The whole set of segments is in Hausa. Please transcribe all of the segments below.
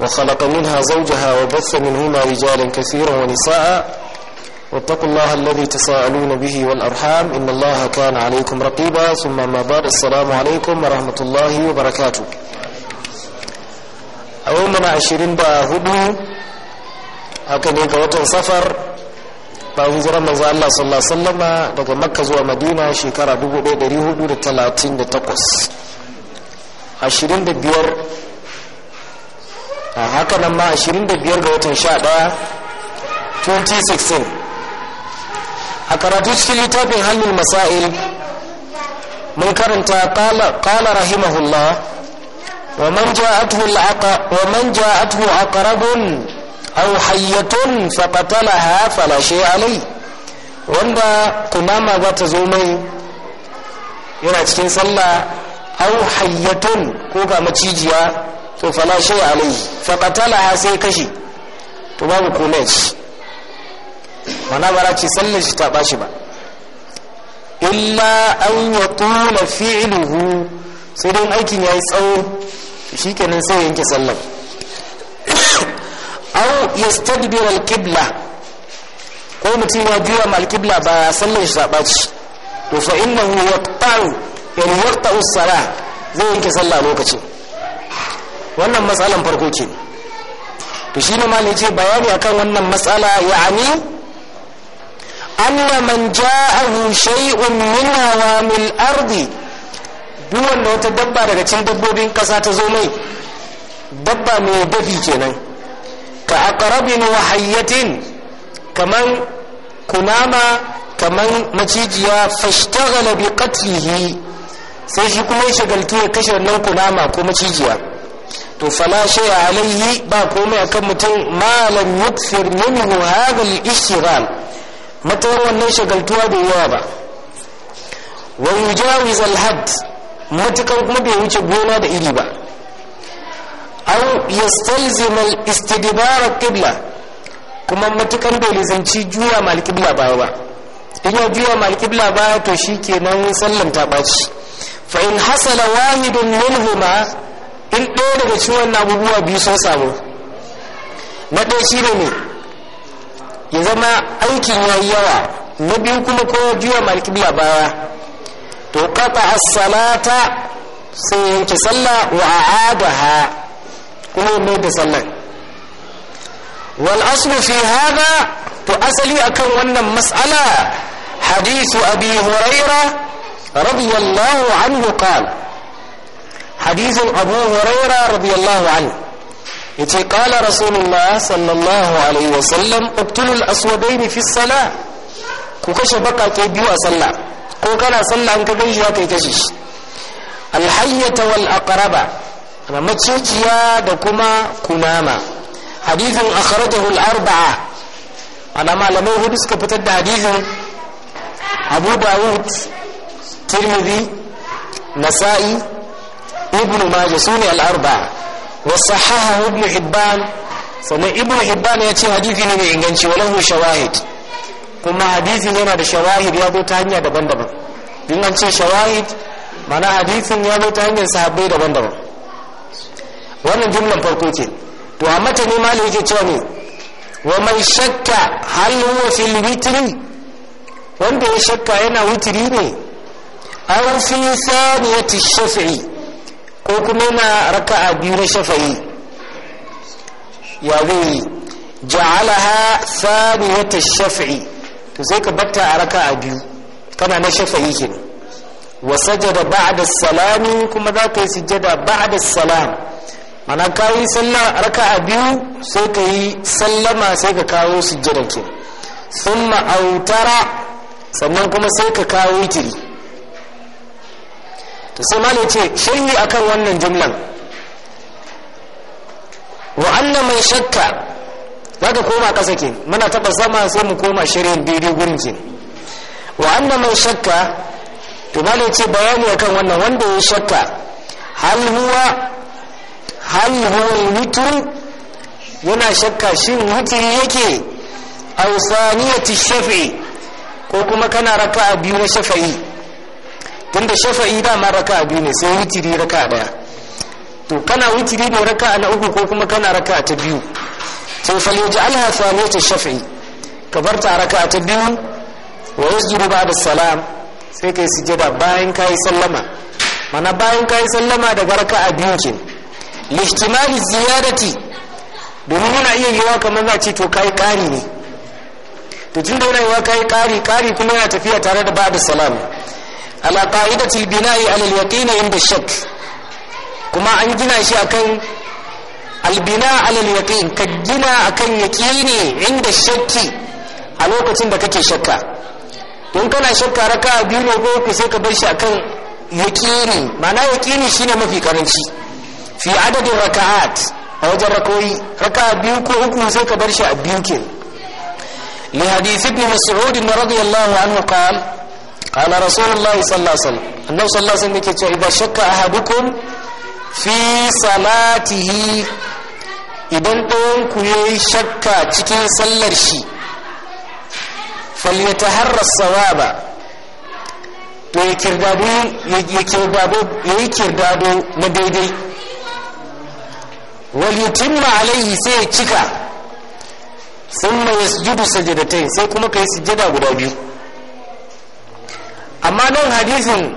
وخلق منها زوجها وبث منهما رجالا كثيرا ونساء واتقوا الله الذي تساءلون به والأرحام إن الله كان عليكم رقيبا ثم ما بعد السلام عليكم ورحمة الله وبركاته أولنا عشرين بأهدو هكذا يقوة سفر bayan jiran manzo Allah sallallahu alaihi wasallama daga Makka zuwa Madina shekara 1438 25 a haka nan ma 25 ga watan 11 2016 a karatu cikin littafin hannun masail mun karanta kala rahimahullah wa man ja'atuhu aqrabun aw hayyatun faqatalaha fala shay alai wanda kunama za ta zo mai yana cikin sallah aw hayyatun ko ga macijiya to fala fa alaihi ha sai kashi to babu kulaj mana bara ce sallin shi ta bashi ba illa an ya yatula fi'luhu sai dan aikin yayi tsawo shikenan sai yanke sallar aw yastadbir al-qibla ko mutum ya juya mal al-qibla ba sallin shi ta bashi to fa innahu yaqta'u yani yaqta'u as-salah zai yanke sallah lokacin wannan matsalan farko ke to shi ne malai ce bayani akan wannan matsala ya'ani anna man ja'ahu shay'un min awamil ardi duk wanda wata dabba daga cikin dabbobin kasa ta zo mai dabba mai dafi kenan ka aqrabin wa hayyatin kaman kunama kaman macijiya fashtaghala bi qatlihi sai shi kuma ya shagaltu ya kashe wannan kunama ko macijiya to fala a alayhi ba komai akan mutum malam yukfir minhu hadha al-ishghal mata wannan shagaltuwa da yawa ba wa yujawiz al-hadd matukan kuma bai wuce gona da iri ba aw yastalzim al-istidbar al-qibla kuma matukan bai lizanci juya mal qibla ba ba in ya juya mal qibla ba to shikenan sallan ta baci fa in hasala wahidun minhuma in ɗaya daga cikin wannan abubuwa biyu sun samu na ɗaya shi ne ya zama aikin ya yi yawa na biyu kuma ko ya juya malkibla baya to kafa asalata salata sai yanke sallah wa a adaha kuma ya mai da sallan wal aslu fi hada to asali akan wannan mas'ala hadisu abi huraira radiyallahu anhu qala hadisin abu huraira radiyallahu anhu yace qala rasulullah sallallahu alaihi wasallam uqtulul aswadaini fi salah ku kashe bakake biyu a sallah ko kana sallah an ka ganshi ka kashe alhayyata wal aqraba amma maciciya da kuma kunama hadithin akhrajahu al-arba'a ana malamai hudu suka fitar da hadithin Abu Dawud Tirmidhi Nasa'i ibn majah sune al-arba wa sahahahu ibn hibban sannan ibn hibban ya ce hadisi ne mai inganci walahu shawahid kuma hadisin yana da shawahid ya zo ta hanya daban-daban in an ce shawahid mana hadisin ya zo ta hanyar sahabbai daban-daban wannan jumlan farko ce to a mata ne mali yake cewa ne wa mai shakka hal huwa fil witri wanda ya shakka yana witri ne aw fi saniyati shafi'i ko kuma yana a biyu na shafayi ya zai ja'alaha wata shafi'i to sai ka batta a raka a biyu kana na shafa'i kenan wa sajada ba'da salami kuma za ka yi sujjada ba'da salam mana ka yi sallah a biyu sai ka yi sallama sai ka kawo sujada ke sun autara sannan kuma sai ka kawo witiri to sai malai ce shirhi akan wannan jumlan wa anna man shakka zaka koma kasa ke muna taba sama sai mu koma shirin daidai gurin ke wa anna man shakka to malai ce bayani akan wannan wanda ya shakka hal huwa hal huwa yana shakka shin witr yake aw saniyati shafi ko kuma kana raka'a biyu na shaf'i tunda shafa'i dama raka biyu ne sai witiri raka daya to kana witiri ne raka na uku ko kuma kana raka ta biyu to fal yaj'alha thaniyatu shafa'i ka bar ta raka ta biyu wa yasjudu ba'da salam sai kai sujada bayan kai sallama mana bayan kai sallama daga raka biyu ke lihtimali ziyadati domin yana iya yiwa kamar za ce to kai kari ne to tunda yana yiwa kai kari kari kuma yana tafiya tare da ba'da salam ala qa'idatil bina'i ala al-yaqin inda shakk kuma an gina shi akan albina ala al-yaqin ka gina akan yaqini inda shakki a lokacin da kake shakka don kana shakka raka biyu ne ko ku sai ka bar shi akan yaqini ma'ana yaqini shine mafi karanci fi adadin raka'at a wajen rakoyi raka biyu ko uku sai ka bar shi a biyu ke لحديث ابن مسعود رضي الله عنه قال qala rasulullahi sallallahu alaihi wasallam annabi sallallahu alaihi wasallam yake cewa idan shakka ahadukum fi salatihi idan ɗayan ku yayi shakka cikin sallar shi falyataharra sawaba to ya kirdado ya kirdado ya na daidai wal yutimma alaihi sai ya cika thumma yasjudu sajdatain sai kuma kai sujjada guda biyu amma nan hadisin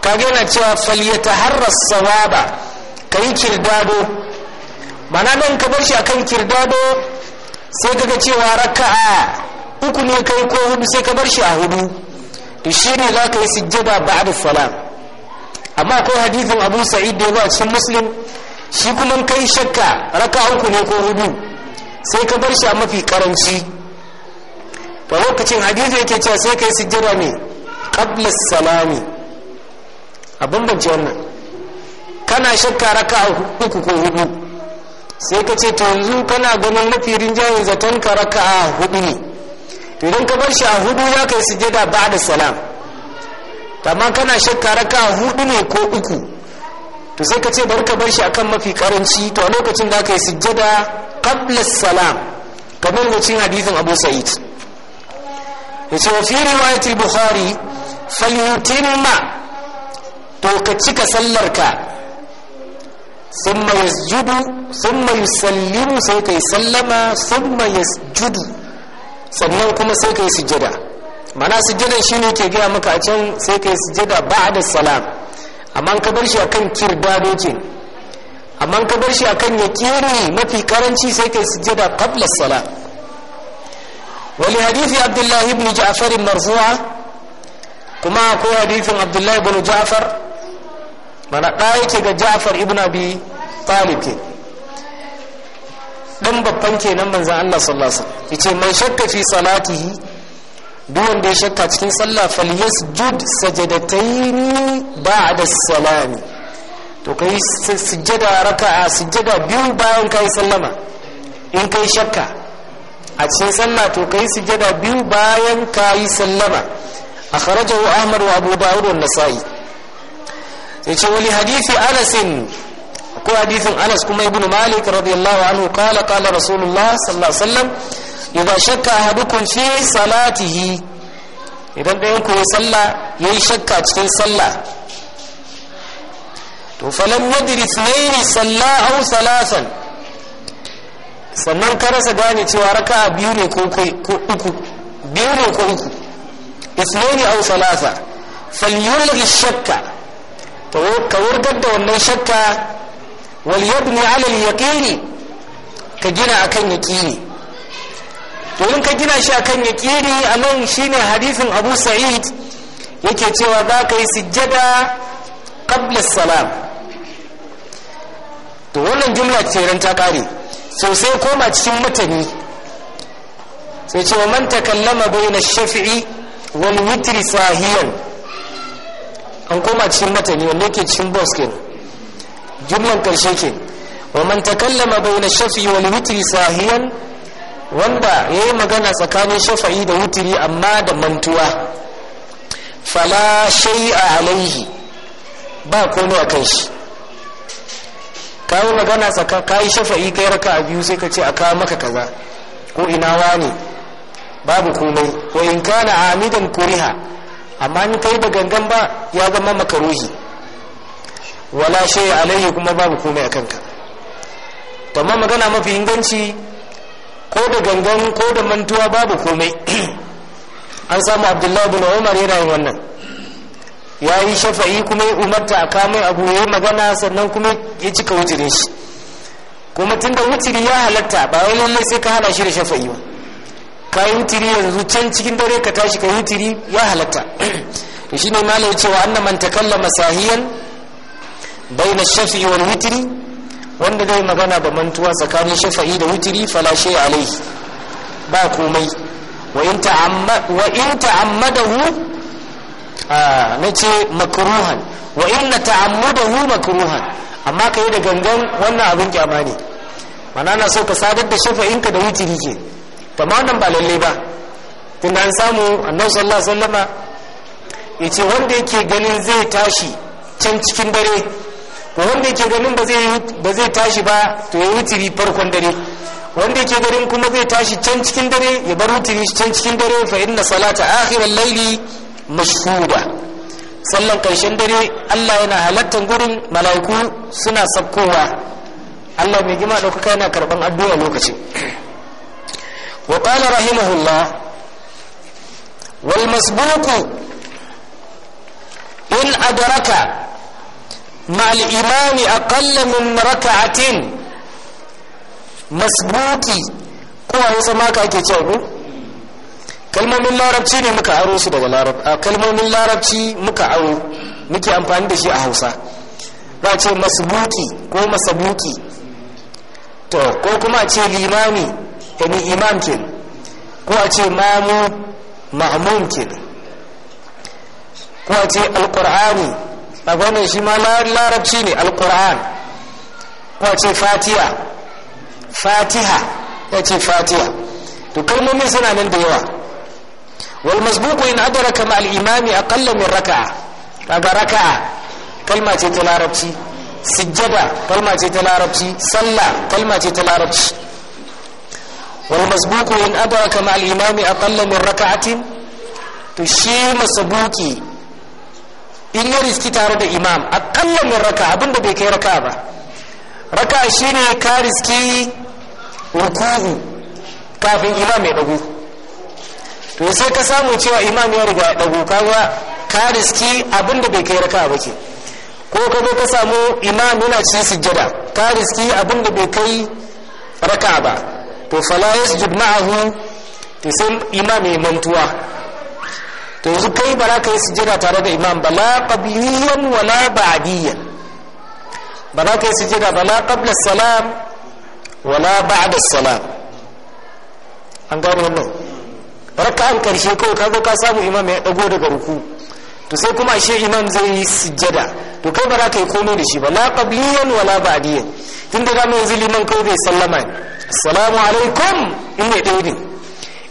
kage na cewa ta harras sawaba ka yi kirdado mana nan ka bar shi akan kirdado sai kaga cewa a uku ne kai ko hudu sai ka bar shi a hudu to shi ne za ka yi sujjada ba'da salam amma akwai hadisin abu sa'id da ya cikin muslim shi kuma kai shakka raka uku ne ko hudu sai ka bar shi a mafi karanci to lokacin hadisi yake cewa sai ka yi sujjada ne qabla salami a bambance wannan kana shakka raka uku ko hudu sai ka ce to yanzu kana ganin mafi rinjayen zaton ka raka a hudu ne idan ka bar shi a hudu za ka yi sujada ba da salam amma kana shakka raka a hudu ne ko uku to sai ka ce bar ka bar shi akan mafi karanci to a lokacin da aka yi sujjada qabla salam kamar wacin hadisin abu sa'id yace wa fi riwayat al-bukhari ma to ka cika sallarka sun yasjudu thumma yusallimu sai kai sallama thumma yasjudu sannan kuma sai kai sujada. mana shi shine ke gaya maka a can sai kai sujjada da salam amma ka bar shi akan kirdado ce amma ka bar shi akan kere mafi karanci sai kai sujjada qabla salam ولحديث hadithi abdullahi ibn جعفر مرفوعه kuma ko hadithin abdullahi ibn ja'far mana ɗaya yake ga ja'far ibn abi talib ke dan babban kenan manzon Allah sallallahu alaihi wasallam yace mai shakka fi salatihi duk wanda ya shakka cikin sallah falyasjud sajadataini ba'da salami to kai sujjada raka'a sujjada biyu bayan kai sallama in kai shakka a cikin sallah to kai sujjada biyu bayan kai sallama akhrajahu ahmad wa abu dawud wa nasa'i sai ce wali hadisi anas ko hadisin anas kuma ibnu malik radiyallahu anhu qala qala rasulullah sallallahu alaihi wasallam idza shakka ahadukum fi idan ɗayan ku ya yayi shakka cikin salla to falam yadri ithnaini salla au thalathan sannan ka rasa gane cewa raka biyu ne ko uku biyu ne ko uku اثنين أو ثلاثة فليلغي الشك كورقد وأن شك وليبني على اليقين كجنا أكن يقيني domin ka gina shi akan yaƙini a nan shine hadisin abu sa'id yake cewa za ka yi sujjada qabla salam to wannan jumla ce ran ta kare sosai ko koma cikin mutane sai cewa man takallama bayna shafi'i wani witri sahiyan an koma cikin matani wanda yake cikin boskin jumlan karshe ke wa man takallama bayna shafi wal witri sahiyan wanda yayi magana tsakanin shafa'i da witri amma da mantuwa fala a alaihi ba komai a kai shi kayi magana tsakanin kayi shafa'i kai a biyu sai ka ce a kawo maka kaza ko ina wani babu komai wa in kana amidan kuriha amma ni kai da gangan ba ya zama makaruhi wala shay alayhi kuma babu komai akan ka to amma magana mafi inganci ko da gangan ko da mantuwa babu komai an samu abdullahi bin umar yana yin wannan ya yi shafa'i kuma ya umarta a kamai abu ya magana sannan kuma ya cika wujirin shi kuma tun da wutiri ya halatta ba wani lallai sai ka hana shi da shafa'i ba ka yi wutiri yanzu can cikin dare ka tashi ka yi wutiri ya halatta shi ne ma lai cewa annan man takallama sahiyan bai na shafi'i wani wutiri wanda dai magana ba mantuwa tsakanin shafa'i da wutiri falashe alai ba komai wa in ta'ammadahu na ce makruhan wa in na ta'ammadahu makruhan amma ka yi da gangan wannan abin kyama ne mana na so ka sadar da shafa'inka da wutiri ke ba ma wannan ba lalle ba tunda an samu annabi sallallahu alaihi wasallama yace wanda yake ganin zai tashi can cikin dare ko wanda yake ganin ba zai ba zai tashi ba to ya wuturi farkon dare wanda yake ganin kuma zai tashi can cikin dare ya bar wutiri can cikin dare fa inna salata al layli mashhuda sallan karshen dare Allah yana halattan gurin mala'iku suna sakkowa Allah mai gima ɗaukaka yana karban addu'a lokacin وقال رحمه الله والمسبوق إن أدرك مع الإمام أقل من ركعة مسبوقي kuma hausa ma ka ake cewa ko kalmomin larabci ne muka aro larabci kalmomin larabci muka aro muke amfani da shi a hausa ba ce masbuki ko masabuki ko kuma a ce limani. Ani imam ke ko a ce mamu ma'amum ke ko a ce alkur'ani a wannan shi ma larabci ne alkur'an ko a ce fatiha fatiha ya ce fatiha to kalmomin suna nan da yawa wal masbuku in adara kama al'imami imami aqalla min raka'a kaga raka'a kalma ce ta larabci sijjada kalma ce ta larabci sallah kalma ce ta larabci والمسبوق إن أدرك مع الإمام أقل من ركعة تشي مسبوكي in ya riski tare da imam akalla min raka abinda bai kai raka ba raka shine ka kafin imam to sai ka samu cewa imam ya riga ya dagu kaga ka riski da bai kai raka ba ke ko ka zo ka samu imam yana ci sujjada ka riski abinda bai kai raka ba to fala yasjud ma'ahu to san imam ya mantuwa to yanzu kai ba za ka yi sujjada tare da imam ba la qabliyan wa la ba'diyan ba za ka yi sujjada ba la qabla salam wa la ba'da salam an gano wannan an karshe kawai ka zo ka samu imam ya dago daga ruku to sai kuma ashe imam zai yi sujjada to kai ba za ka yi komai da shi ba la qabliyan wa la ba'diyan tunda da mu yanzu liman kawai zai sallama ne salamu alaikum in ne ɗaya ne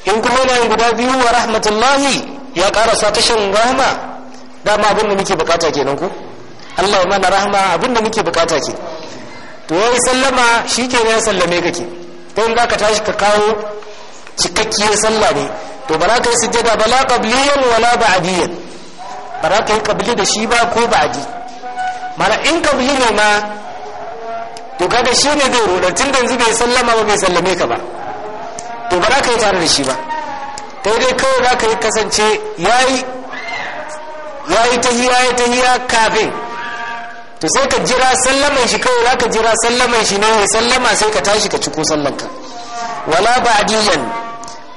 in kuma yana yin guda biyu wa rahmatullahi ya karasa shan rahama dama abin da muke bukata kenan ku Allah mana rahama abin da muke bukata ke to ya yi sallama shi ke ne sallame ka ke ta in ka tashi ka kawo cikakkiyar sallah ne to ba ka yi sujjada ba la qabliyan wala ba'diyan ba za ka yi qabli da shi ba ko ba'di mana in qabli ne ma to kaga shi ne zai rudar tun da yanzu bai sallama ba bai sallame ka ba to ba za ka yi tare da shi ba kai dai kawai za ka yi kasance ya yi ta hiya ya ta hiya kafin to sai ka jira sallaman shi kawai za ka jira sallaman shi ne ya sallama sai ka tashi ka ciko sallanka wala ba'diyan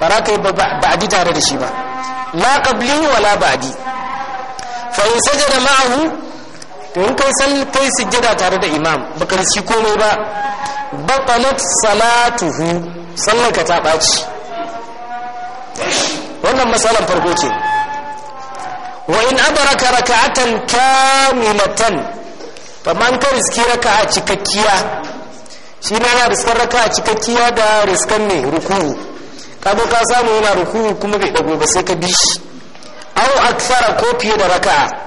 ba za ka yi ba'di tare da shi ba la qabli wala ba'di fa in sajada ma'ahu in kai san kai sujjada tare da imam baka rishi komai ba batalat salatuhu ka ta baci wannan matsalan farko ce wa in adraka raka'atan kamilatan man ka riski raka'a cikakkiya shi ne yana riskar raka'a cikakkiya da riskan ne ruku'u ka ka samu yana ruku'u kuma bai dago ba sai ka bi shi au aksara ko fiye da raka'a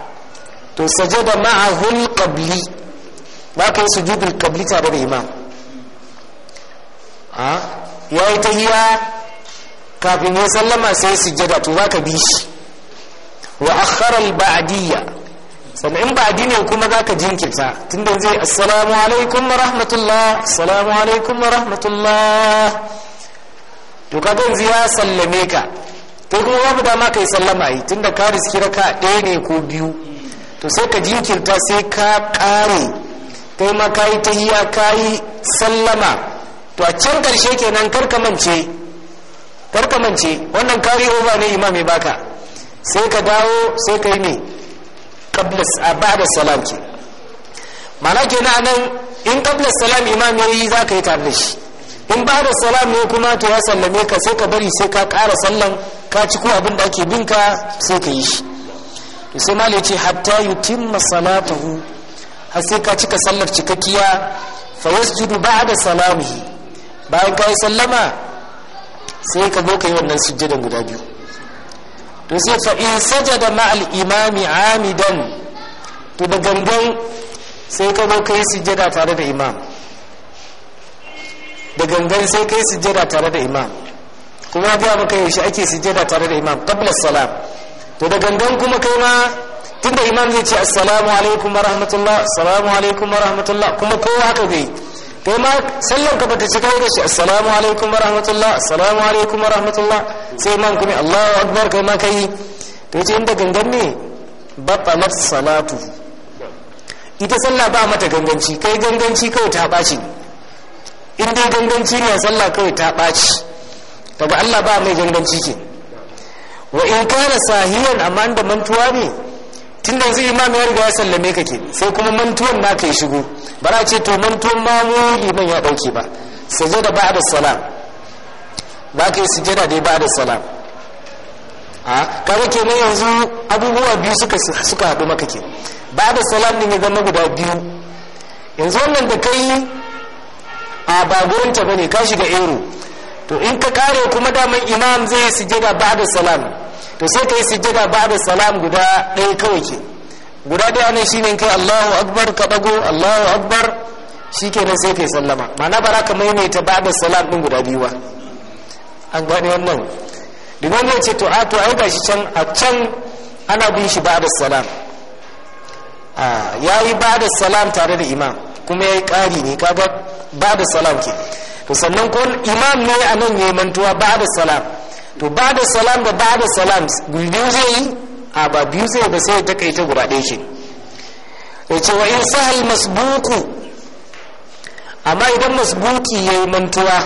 to sajada ma'ahul qabli ba ka yi sujudul qabli tare da imam a ya yi tahiya kafin ya sallama sai sujada to za ka bi shi wa akharal ba'diyya sannan in ba'di ne kuma za ka jinkirta tunda zai assalamu alaikum wa rahmatullah assalamu alaikum wa rahmatullah to ka ganzu ya sallame ka to kuma babu dama kai sallama yi tunda ka riski raka ɗaya ne ko biyu to sai ka jinkirta sai ka ƙare kai ma ka yi tahiya ka yi sallama to a can ƙarshe kenan karkamance karkamance wannan kari over ne imam ya baka sai ka dawo sai ka yi ne kablis a ba da salam ke mana kenan nan in kablis salam imam ya yi za ka yi tare da in ba da salam ne kuma to ya sallame ka sai ka bari sai ka kara sallan ka ci ko abin da ake binka sai ka yi shi sai malai ce hatta yutimma salatahu har sai ka cika sallar cikakkiya fa yasjudu ba'da salamihi bayan kai sallama sai ka zo kai wannan sujjadan guda biyu to sai fa in sajada ma al imami amidan to da gangan sai ka zo kai sujjada tare da imam da gangan sai kai sujjada tare da imam kuma ga maka yaushe ake sujjada tare da imam qabla salam to da gangan kuma kai ma tunda imam zai ce assalamu alaikum wa rahmatullah assalamu alaikum wa rahmatullah kuma kowa haka kai kai ma sallar ka bata ci kai da shi assalamu alaikum wa rahmatullah assalamu alaikum wa rahmatullah sai imam kuma Allahu akbar kai ma kai to yace inda gangan ne batalat salatu ita sallah ba mata ganganci kai ganganci kawai ta baci in dai ganganci ne sallah kawai ta baci daga Allah ba mai ganganci ke wa in kana sahiyan amma da mantuwa ne tun da yanzu imam ya riga ya sallame ka ke sai kuma mantuwan na kai shigo ba na ce to mantuwan ma mu liman ya dauke ba sujada ba da salam ba ka yi sujada dai ba salam a kaga kenan yanzu abubuwa biyu suka suka haɗu maka ke ba da salam din ya zama guda biyu yanzu wannan da kai a ba gurinta bane ka shiga ero to in ka kare kuma daman imam zai yi ba da salam to sai ka yi ba da salam guda ɗaya kawai ke guda ɗaya ne shi ne kai Allahu akbar ka ɗago Allahu akbar nan sai ka yi sallama ma'ana ba za ka maimaita ba da salam ɗin guda biyu ba an gane wannan domin ya ce to a to ai gashi can a can ana bin shi ba da salam ya yi ba da salam tare da imam kuma ya yi ƙari ne kaga ba da salam ke to sannan ko imam ne a nan yi mantuwa ba da salam to ba da salam da ba da salam biyu zai yi a ba biyu zai ba sai ta kai ta guda ɗaya ce ya ce wa in sahal masbuku amma idan masbuki yi mantuwa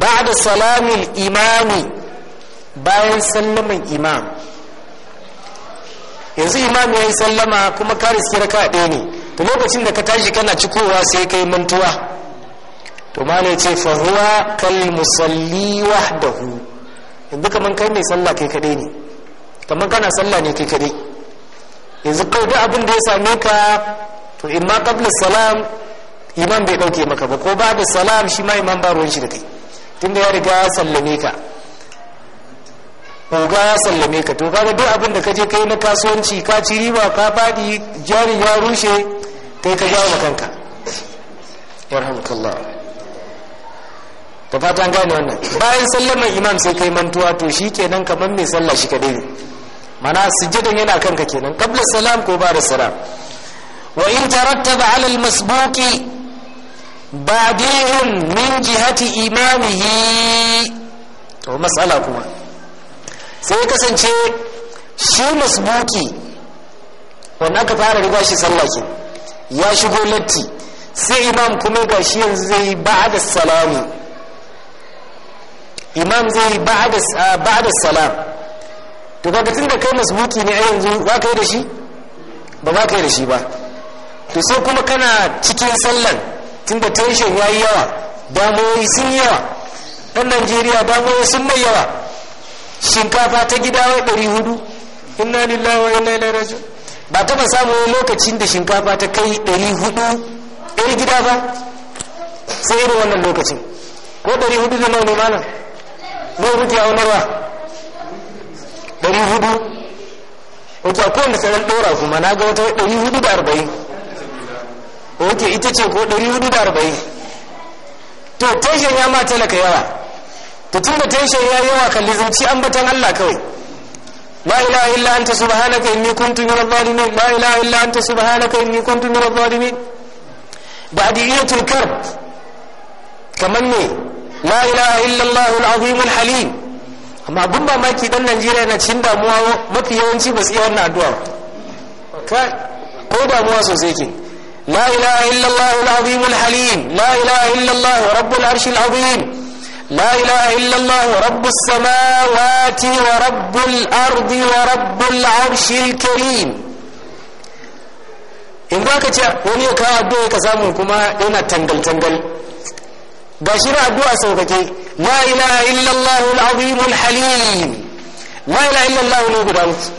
ba da salamin imami bayan sallaman imam yanzu imam ya yi sallama kuma karis kira ka ɗaya ne to lokacin da ka tashi kana cikowa sai ka yi mantuwa to ma ne ce fahuwa kal musalli wahdahu yanzu kaman kai mai sallah kai kadai ne kaman kana sallah ne kai kadai yanzu kai duk abin da ya same ka to in ma qabla salam imam bai dauke maka ba ko ba da salam shi ma imam ba ruwan shi da kai tunda ya riga ya sallame ka oga ya sallame ka to kaga duk abin da kaje kai na kasuwanci ka ci riba ka fadi jari ya rushe kai ka jawo kanka yarhamukallah da fatan gane wannan bayan sallaman imam sai kai mantuwa to shi kenan kamar mai sallah shi kadai mana sujjadan yana kanka kenan qabla salam ko ba da salam wa in tarattaba ala al masbuqi badi'un min jihati imamihi to mas'ala kuma sai kasance shi masbuki wanda aka fara riga shi sallah ke ya shigo latti sai imam kuma ga yanzu zai ba da salami imam zai ba'da ah, salam to ba tun da kai masbuki ne a yanzu ba ka yi da shi ba ba ka yi da shi ba to sai kuma kana cikin sallan tun da tension ya yi yawa damoyi sun yawa ɗan najeriya damoyi sun mai yawa shinkafa ta gida wai ɗari hudu inna lillahi wa inna ilaihi raji'un ba taɓa samun lokacin da shinkafa ta kai ɗari hudu ɗari gida ba sai irin wannan lokacin ko ɗari hudu da nawa ne malam zai rukiya a marwa ɗari hudu a sauran ɗora kuma na ga wata ɗari hudu da arba'in ita ce ko ɗari hudu da arba'in to ya ma talaka yawa to tun da ya yawa kalli zuci an batan allah kawai la ilaha illa anta subhanaka inni kuntu min min adh-dhalimin ba'diyatul karb kamar ne la ilaha illallah al-azim al-halim amma abin mamaki dan Najeriya na cikin damuwa mafi yawanci ba su iya wannan addu'a kai ko damuwa sosai ke la ilaha illallah al-azim al-halim la ilaha illallah rabbul arshi al-azim لا إله إلا wa رب ardi wa الأرض ورب العرش الكريم in ba ka ce wani ya kawo addu'a ka samu kuma yana tangal-tangal ga shi ba addu'a saukake la ilaha illallah al-azim al-halim la ilaha illallah ne guda mutu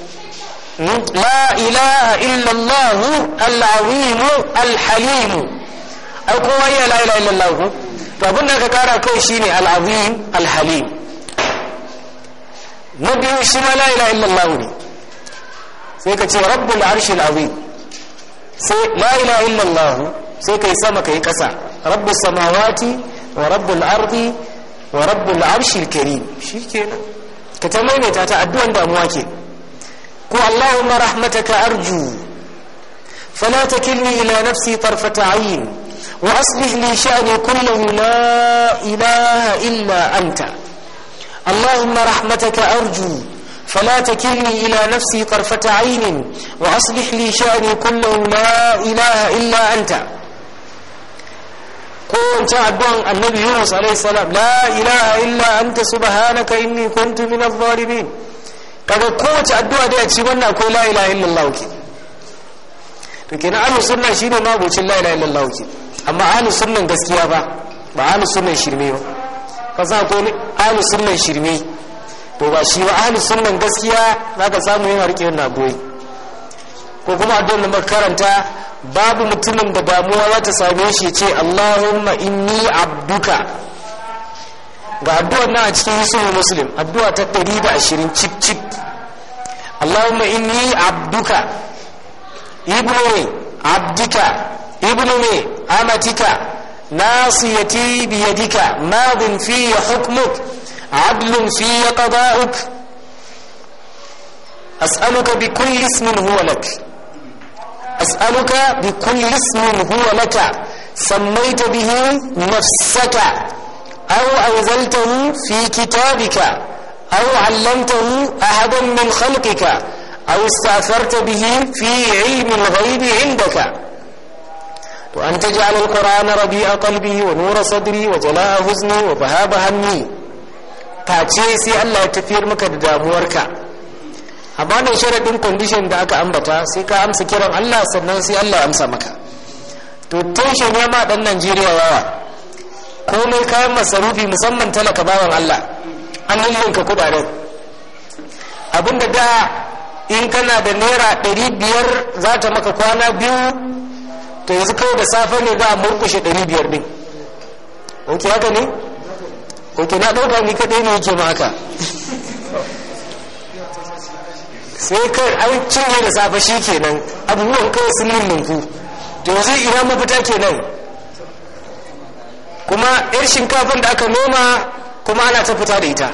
hmm? la ilaha illallah al-azim al-halim ai kowa ya la ilaha illallah to abin da ka kara kai shine al-azim al-halim na biyu shi ma la ilaha illallah ne sai ka ce rabbul arshil azim sai la ilaha illallah sai kai sama kai kasa rabbus samawati wa rabbul ardi wa rabbul arshil karim shikenan ka ta maimaita ta addu'an damuwa ke ko allahumma rahmataka arju fala takilni ila nafsi tarfata ayn wa aslih li sha'ni kullahu la ilaha illa anta allahumma rahmataka arju فلا تكلني إلى نفسي طرفة عين وأصلح لي شأني كله لا إله إلا أنت ko wancan addu'an annabi yunus alaihi salam la ilaha illa an ta anta subhanaka inni kuntu min adh-dhalimin kaga kowace addu'a da ya ci wannan akwai la ilaha illallah ke to na ahlus sunna shi ne bocin la ilaha illallah ke amma ahlus sunnan gaskiya ba ba ahlus sunnan shirme ba ka sa ko ahlus sunnan shirme to ba shi ba ahlus sunnan gaskiya za ka samu yin harkiyar goyi ko kuma addu'ar da karanta babu mutumin da damuwa za ta same shi ce Allahumma inni abduka ga addu'ar na a cikin sunan muslim addu'a ta 120 cip cip Allahumma inni abduka ibnu abdika ibnu ne amatika nasiyati biyadika madin fi hukmuk عدل في قضاؤك أسألك بكل اسم هو لك as'aluka bi kulli ismin huwa laka sammaita bihi nafsaka aw anzaltahu fi kitabika aw 'allamtahu ahadan min khalqika aw istafarta bihi fi 'ilmi al-ghayb 'indaka wa anta ja'al al-qur'ana rabi'a qalbi wa nura sadri wa jala'a huzni wa bahaba hammi sai Allah ya tafiyar maka da damuwarka a da sharaɗin condition da aka ambata sai ka amsa kiran Allah sannan sai Allah amsa maka to tension ya ma ɗan Najeriya yawa komai kayan masarufi musamman talaka bawan Allah an ka kudaden abinda da in kana da naira ɗari biyar za ta maka kwana biyu to yanzu kawai da safe ne za a murkushe ɗari biyar ɗin ok haka ne ok na ɗauka ni kaɗai ne yake ma sai kai an cinye da safe shi kenan abubuwan kai sun yi lullunku to zai ina mafita kenan kuma yar shinkafin da aka noma kuma ana ta fita da ita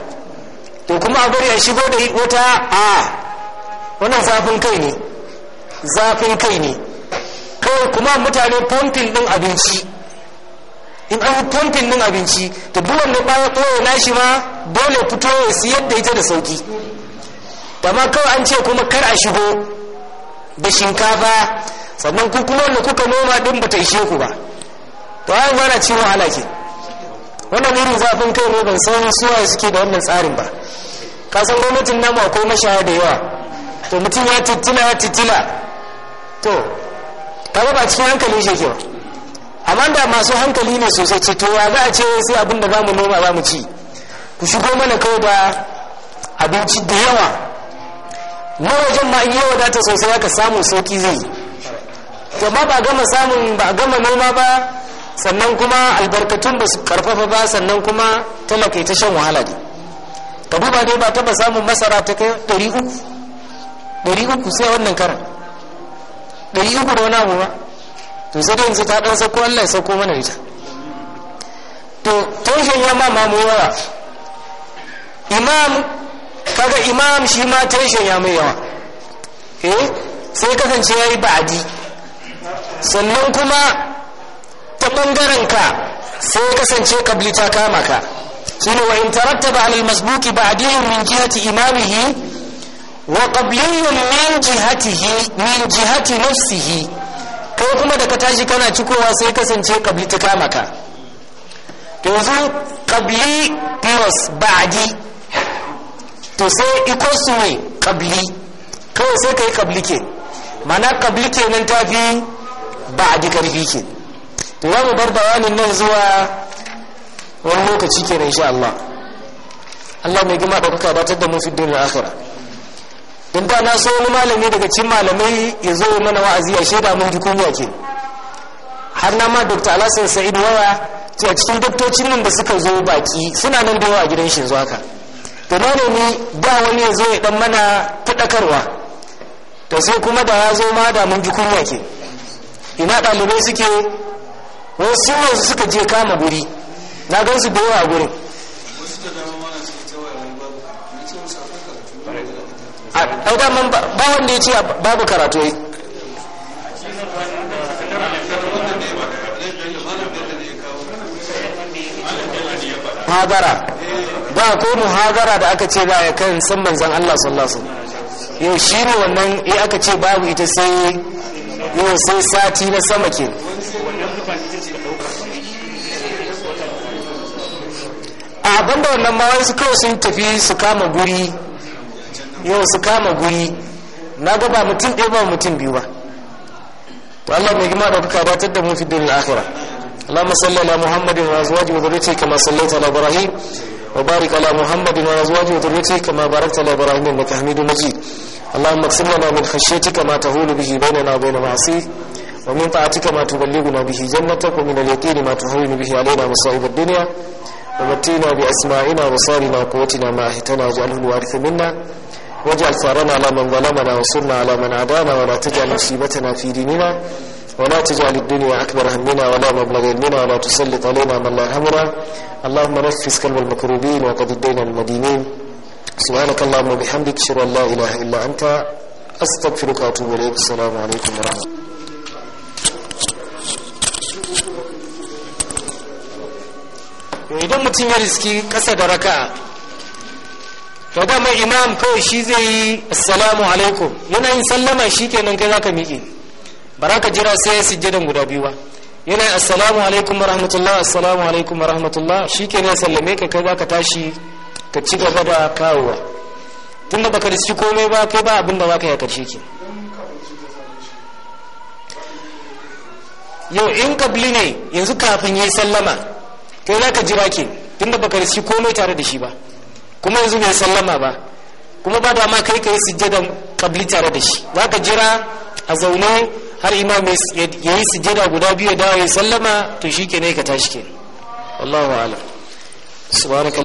to kuma a bari a shigo da wata a wannan zafin kai ne zafin kai ne kawai kuma mutane pompin din abinci in an pompin din abinci to duk wanda baya na nashi ma dole fito ya siyar da ita da sauki da ma kawai an ce kuma kar a shigo da shinkafa sannan ku kuma wanda kuka noma din bata ishe ku ba to ai mana ci wahala ke wannan irin zafin kai ne ban san waye suke da wannan tsarin ba ka san gwamnatin namu akwai mashaya da yawa to mutum ya tittila ya tittila to kaga ba cikin hankali shi ke amma da masu hankali ne sosai ce to ya za a ce sai abin da zamu noma za mu ci ku shigo mana kawai da abinci da yawa mawajin ma in wadata sosai haka samun sauki zai to ma ba gama samun ba gama noma ba sannan kuma albarkatun ba su karfafa ba sannan kuma talaka ta shan wahala ne ka ba dai ba taba samun masara ta kai ɗari uku ɗari uku sai wannan karan ɗari uku da wani abu ba to sai dai yanzu ta ɗan sauko allah ya sauko mana ita to toshin yamma mamuwa imam kaga imam shi ma tension ya mai yawa eh sai kasance yayi ba'adi sannan kuma ta bangaren ka sai kasance kabli ta kama ka shine wa intarattaba tarattaba alal masbuki ba'dihim min jihati imamihi wa qabliyun min jihatihi min jihati nafsihi kai kuma da ka tashi kana cikowa sai kasance kabli ta kama ka yanzu qabli plus ba'di to sai ikon su mai kabli kawai sai ka yi kabli ke mana kabli ke nan ta fi ba a karfi ke to za mu bar bayanin nan zuwa wani lokaci ke na insha Allah Allah mai gama ɗaukaka ba ta da mun fi dunin akhira in ba na so wani malami daga cikin malamai ya zo mana wa'azi a shaida mun ji kunya ke har na ma dr alasan sa'id waya cikin doktocin nan da suka zo baki suna nan da yawa a gidan shi zuwa haka to dole ne ba wani ya zo ya dan mana fadakarwa to sai kuma da ya zo ma da mun ji kunya ke ina ɗalibai suke wasu wasu suka je kama guri na gan su da a gurin a daman ba wanda ya ce babu karatu yi hadara ba ko muhazara da aka ce ba ya kan san manzan Allah sallallahu alaihi wasallam yau shi ne wannan eh aka ce babu ita sai yau sai sati na sama ke a banda wannan ma wai su kawai sun tafi su kama guri yau su kama guri na ga ba mutum ɗaya ba mutum biyu ba to Allah mai gima da kuka batar da mu fi dunya akhirah اللهم صل على محمد وازواجه وذريته كما صليت على ابراهيم وبارك على محمد وأزواجه وذريته كما باركت على إبراهيم إنك حميد مجيد اللهم اقسم لنا من خشيتك ما تهول به بيننا وبين معصيك ومن طاعتك ما تبلغنا به جنتك ومن اليقين ما تهون به علينا مصائب الدنيا ومتينا بأسماعنا وصارنا وقوتنا ما أهتنا واجعله الوارث منا واجعل ثارنا على من ظلمنا وانصرنا على من عادانا ولا تجعل مصيبتنا في ديننا ولا تجعل الدنيا أكبر همنا ولا مبلغ علمنا ولا تسلط علينا من لا يهمنا اللهم نفس كلب المكروبين وقد الدين المدينين سبحانك اللهم وبحمدك اشهد ان لا اله الا انت استغفرك واتوب اليك السلام عليكم ورحمه الله idan mutum ya riski kasa da raka to dama imam kawai shi zai yi assalamu alaikum yana yin sallama shi kenan kai zaka miƙe ba za ka jira sai sujjadan guda biyu ba yana assalamu alaikum wa rahmatullah assalamu alaikum wa rahmatullah shi ke ne sallame ka kai ka tashi ka ci gaba da kawowa tun da baka riski komai ba kai ba abin da yi a karshe ke yau in kabli ne yanzu kafin yi sallama kai za ka jira ke tun da baka riski komai tare da shi ba kuma yanzu bai sallama ba kuma ba da ma kai ka yi sujjadan kabli tare da shi za ka jira a zaune har imam ya yi sujada guda biyu ya dawo ya sallama to shi ke ne ka tashi ke wallahu alam subhanaka